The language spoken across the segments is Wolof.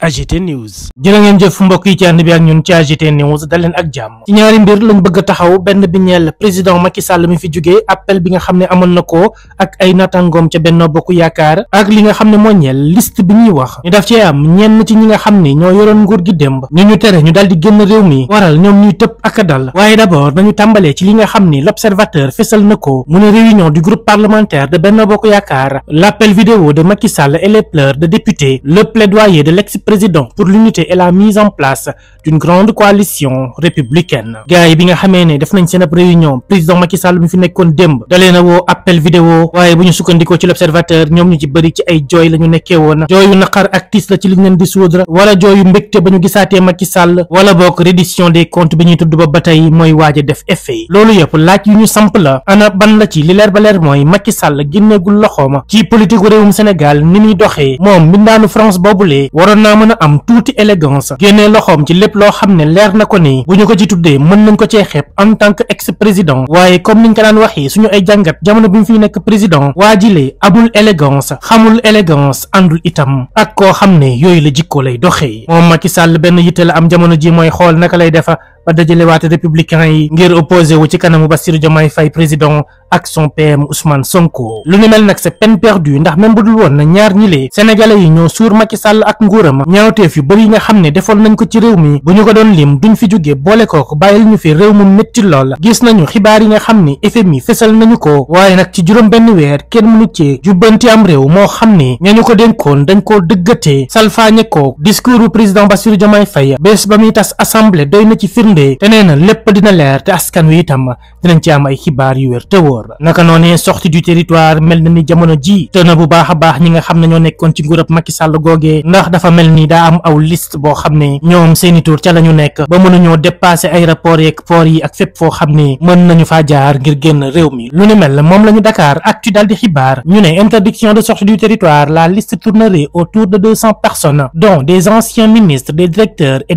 AGT News jërë ngeen jëf mbokk yi ci ànd bi ak ñun ci AGT News dal leen ak jàmm ci ñaari mbir lañ bëgg a taxaw benn bi ñeel président Macky Sall mi fi jugee appel bi nga xam ne amoon na ko ak ay natangoom ca Benno Bokk Yaakaar ak li nga xam ne moo ñeel liste bi ñuy wax ñu daf cee am ñenn ci ñi nga xam ne ñoo yoroon nguur gi démb ñu ñu tere ñu dal di génn réew mi waral ñoom ñuy tëb ak a dal waaye d'abord nañu tàmbalee ci li nga xam ni l'observateur fésal na ko mu ne réunion de Benno Bokk Yaakaar l'appel vidéo de Macky Sall et les pleurs de députés le plaidoyer président pour l'unité et la mise en place d'une grande coalition républicaine gars bi nga xamee ne def nañ seen ab réunion président Macky Sall mi fi nekkoon démb dalee woo appel vidéo waaye bu ñu sukkandikoo ci l'observateur ñoom ñu ci bëri ci ay jooy la nekkee woon jooyu naqar ak tiis la ci liñ leen di soudre wala jooyu mbégte ba ñu gisaatee Macky Sall wala boog reddition des comptes bi ñuy tudd ba ba mooy waaj a def effet loolu yëpp mën a am tuuti élégance génnee loxoom ci lépp loo xam ne leer na ko ni bu ñu ko ci tuddee mën nañ ko cee xeeb en tant que ex président waaye comme niñ ko daan waxee suñu ay jàngat jamono bi mu fiy nekk président waa jilee amul élégance xamul élégance àndul itam ak koo xam ne yooyu la jikko lay doxee moom ma ci sàll benn yitte la am jamono ji mooy xool naka lay defa ba dajalewaate républicain yi ngir opposé wu ci kanamu Bassirou Diomaye Faye président ak PM Ousmane Sonko lu ni mel nag sa peine perdue ndax même bu dul woon na ñaar ñilee sénégalais yi ñoo suur Macky Sall ak nguuram ñaawteef yu bëri yi nga xam ne defoon nañ ko ci réew mi bu ñu ko doon lim duñ fi jóge boole kooku bàyyil ñu fi réew mu métti lool gis nañu xibaar yi nga xam ne FMI fësal nañu ko waaye nag ci juróom benn weer kenn mënu ci jubbanti am réew moo xam ne ñañu ko dénkoon dañ koo dëggatee salfaañe ko discours bu président Bassirou Diomaye Faye bés ba muy tas ci firnde dundee te nee na lépp dina leer te askan wi itam dinañ ci am ay xibaar yu wér te wóor naka noonee sortie du territoire mel na ni jamono ji te na bu baax baax ñi nga xam ne ñoo nekkoon ci nguurab Macky Sall googee ndax dafa mel ni daa am aw liste boo xam ne ñoom seeni tur ca la ñu nekk ba mënuñoo dépasser aéroport yeeg port yi ak fépp foo xam ne mën nañu faa jaar ngir génn réew mi lu ni mel moom la ñu Dakar Actu dal xibaar ñu ne interdiction de sortie du territoire de deux cents personnes dont des anciens ministres des directeurs et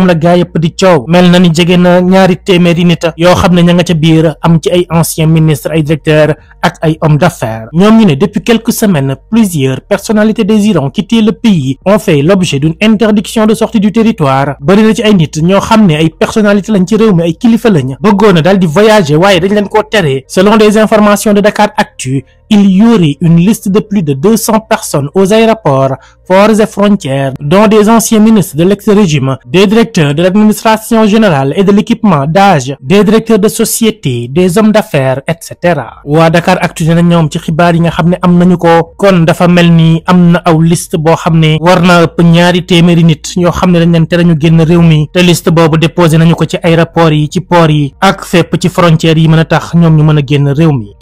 moom la gaa yëpp coow mel na ni jege na ñaari téeméeri nita yoo xam ne ña ca biir am ci ay anciens ministres ay directeurs ak ay hommes d'affaires ñoom ñu ne depuis quelques semaines plusieurs personnalités désirant quitter le pays ont fait l'objet d'une interdiction de sortie du territoire bëri ci ay nit ñoo xam ne ay personnalités lañ ci réew mi ay kilifa lañ bëggoon a daal di voyager waaye dañ leen koo tere selon des informations de Dakar Actu il y aurait une liste de plus de 200 personnes aux aéroports, ports et frontières, dont des anciens ministres de l'ex-régime, des directeurs de l'administration générale et de l'équipement d'âge, des directeurs de société, des hommes d'affaires, etc. waa Dakaractu ne ñoom ci xibaar yi nga xam ne am nañu ko kon dafa mel ni am na aw liste boo xam ne war na ñaari téeméeri nit ñoo xam ne dañ leen tere ñu génn réew mi te liste boobu déposé nañu ko ci aéroport yi ci port yi ak fépp ci frontières yi mën a tax ñoom ñu mën a génn réew mi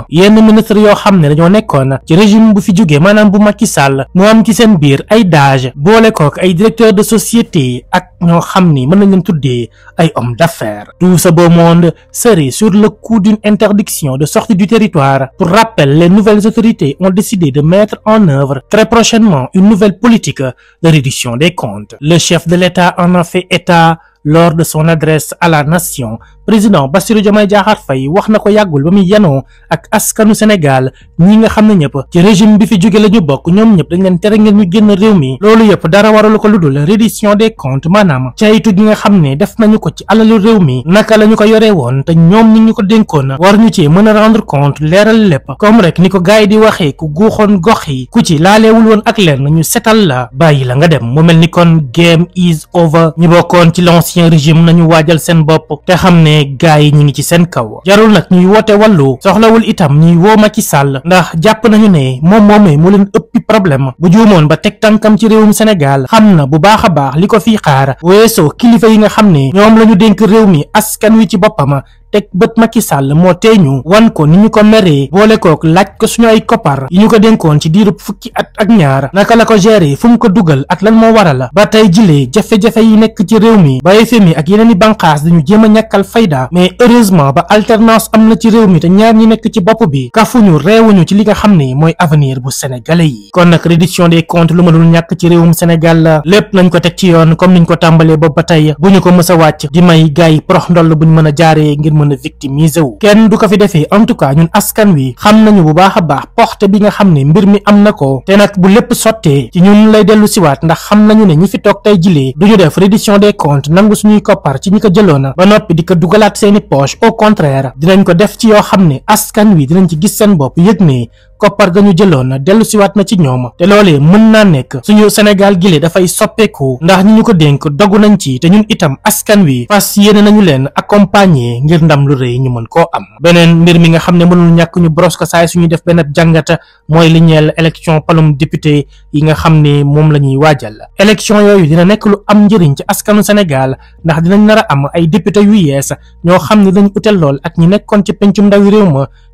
ma yenn ministre yoo xam ne dañoo nekkoon ci régime bu fi jóge maanaam bu Macky Sall mu am seen biir ay dage boole kook ay directeur de société ak ñoo xam ni mën nañ leen tuddee ay homme d'affaires tout ce beau monde serait sur le coup d'une interdiction de sortie du territoire pour rappel les nouvelles autorités ont décidé de mettre en œuvre très prochainement une nouvelle politique de réduction des comptes le chef de l'État en a fait état lors de son adresse à la nation président Bassirou Diomaye Diakhar Faye wax na ko yàggul ba muy yanoo ak askanu Sénégal ñi nga xam ne ñëpp ci régime bi fi jóge la ñu bokk ñoom ñëpp dañ tere ngeen ñu génn réew mi loolu yëpp dara waralu ko lu dul reddition des comptes maanaam caytu gi nga xam ne def nañu ko ci alalu réew mi naka la ñu ko yoree woon te ñoom ñi ñu ko dénkoon war ñu ci mën a rendre compte leeral lépp comme rek ni ko gaay di waxee ku guuxoon gox ku ci laaleewul ak leen ne gaay yi ñi ngi ci seen kaw jarul nag ñuy woote wàllu soxlawul itam ñuy woo Macky Sall ndax jàpp nañu ne moom moomee mu leen ëppi problème bu juumoon ba teg tànkam ci réewum Sénégal xam na bu baax a baax li ko fiy xaar weesoo kilifa yi nga xam ne ñoom la ñu réew mi askan wi ci boppam teg bët Macky sàll moo tee ñu wan ko ni ñu ko meree boole kook laaj ko suñu ay koppar yi ñu ko denkoon ci diirub fukki at ak ñaar naka la ko gérer fu mu ko dugal ak lan moo waral ba tey jilee jafe-jafe yi nekk ci réew mi ba FMI ak yeneen i banqaas dañu jéem a ñàkkal fayda mais heureusement ba alternance am na ci réew mi te ñaar ñi nekk ci bopp bi kafuñu réewuñu ci li nga xam ne mooy avenir bu sénégalais yi kon nag rédition des comptes lu ma dul ñàkk ci réewum Sénégal la lépp nañ ko teg yoon comme niñ ko tàmbalee boobu ba tey bu a wàcc di may gaay a jaaree ngir mën a victimiser wu kenn du ko fi defee en tout cas ñun askan wi xam nañu bu baax a baax porte bi nga xam ne mbir mi am na ko te nag bu lépp sottee ci ñun lay dellu siwaat ndax xam nañu ne ñi fi toog tey jilee ñu def reddition des comptes nangu suñuy koppar ci ñi ko jëloona ba noppi di ko dugalaat seeni poche au contraire dinañ ko def ci yoo xam ne askan wi dinañ ci gis seen bopp yëg ne koppar ga ñu jëloon na dellu siwaat na ci ñooma te loolee mën naa nekk suñu Sénégal gile dafay soppeeku ndax ñi ñu ko dénk dogu nañ ci te ñun itam askan wi fas yéene nañu leen accompagner ngir ndam lu rëy ñu mën ko am beneen mbir mi nga xam ne mënul ñàkk ñu boros ko saay suñu def benn jàngata mooy li ñeel élection palum député yi nga xam ne moom la ñuy waajal élection yooyu dina nekk lu am njëriñ ci askanu Sénégal ndax dinañ nar a am ay député yu yees ñoo xam ne dañ utel lool ak ñi nekkoon ci pencum ndawi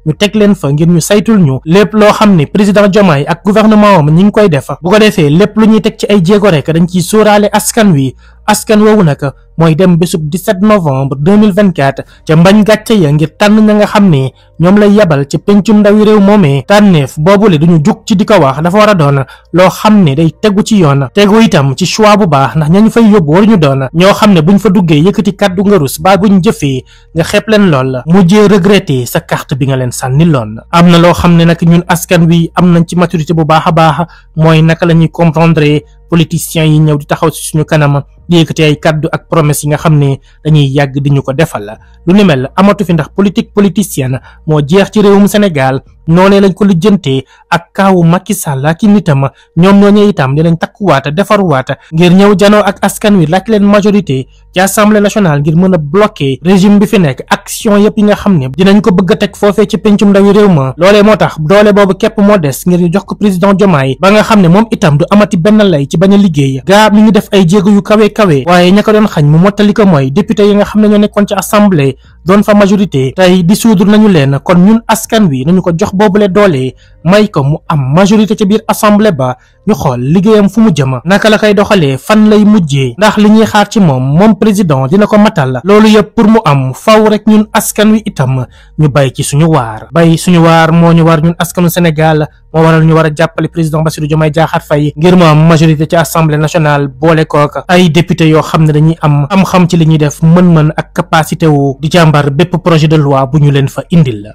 ñu teg leen fa ngir ñu saytul ñu lépp loo xam ni président Diomaye ak gouvernement am ñi ngi koy def bu ko defee lépp lu ñuy teg ci ay jéego rek dañ ciy sóoraale askan wi askan woowu nag mooy dem bésub 17 novembre 2024 ca mbañ gàcce ya ngir tànn ña nga xam ne ñoom lay yebal ci pencum ndawi réew moomee tànneef boobule duñu jug ci di ko wax dafa war a doon loo xam ne day tegu ci yoon tegu itam ci choix bu baax ndax ñañu fay yóbbu waruñu doon ñoo xam ne buñ fa duggee yëkkati kàddu nga rus baa buñ jëfee nga xeeb leen lool la mujjee regretté sa carte bi nga leen sànni loon am na loo xam ne nag ñun askan wi am nañ ci maturité bu baax a baax mooy naka la ñuy comprendre politiciens yi ñëw di taxaw ci suñu kanam di yëkkati kàddu ak promesse yi nga xam ni dañuy yàgg di ñu ko defal la lu ni mel amatu fi ndax politique politicienne moo jeex ci réewum Sénégal noonee lañ ko lijjante ak kaawu Macky Sall ak i nitam ñoom ñooñu itam dinañ takkuwaata defaruwaata ngir ñëw janoo ak askan wi laaj leen majorité ci assemblée national ngir mën a bloquer régime bi fi nekk action yëpp yi nga xam ne dinañ ko bëgg a teg foofee ci pencum ndawi réew ma loolee moo tax doole boobu képp moo des ngir ñu jox ko président yi ba nga xam ne moom itam du amati benn lay ci bañ a liggéey gaa mi ngi def ay jéego yu kawe kawe waaye ña doon xañ mu mottali ko mooy député yi nga xam ne ñoo nekkoon ci assemblée doon fa majorité tey dissoudre nañu leen kon ñun askan wi nañu ko jox boobule doole may ko mu am majorité ci biir assemblée ba ñu xool liggéeyam fu mu jëma naka la koy doxalee fan lay mujjee ndax li ñuy xaar ci moom moom président dina ko matal loolu yëpp pour mu am faw rek ñun askan wi itam ñu bay ci suñu waar bay suñu waar moo ñu war ñun askanu Sénégal moo waral ñu war a jàppale président Bassirou Diomaye Diakhar fay ngir mu am majorité ci assemblée nationale boole kook ay député yoo xam ne dañuy am am xam ci li ñuy def mën-mën ak capacité wu di jàmbar bépp projet de loi bu ñu leen fa indil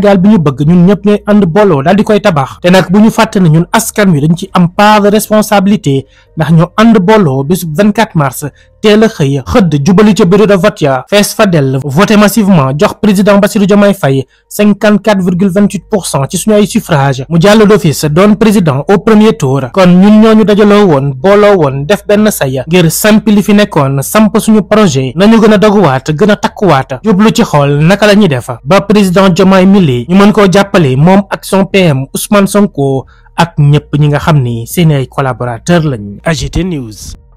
Sénégal bi ñu bëgg ñun ñëpp ñooy ànd booloo daal di koy tabax te nag bu ñu fàtte na ñun askan wi dañ ci am part de responsabilité ndax ñu ànd booloo bésub 24 mars teel a xëy xëdd jubali ca bureau de vote ya fees fa dell voté massivement jox président Bassirou Diomaye Faye 54,28 pour cent ci suñu ay suffrage mu jàll d'office doon président au premier tour kon ñun ñooñu dajaloo woon booloo woon def benn say ngir sampi li fi nekkoon samp suñu projet nañu gën a doguwaat gën a takkuwaat jublu ci xool naka la ñuy def ba président Diomaye mili ñu mën koo jàppale moom ak son PM Ousmane Sonko ak ñëpp ñi nga xam ni seen ay collaborateur lañ. AGT News.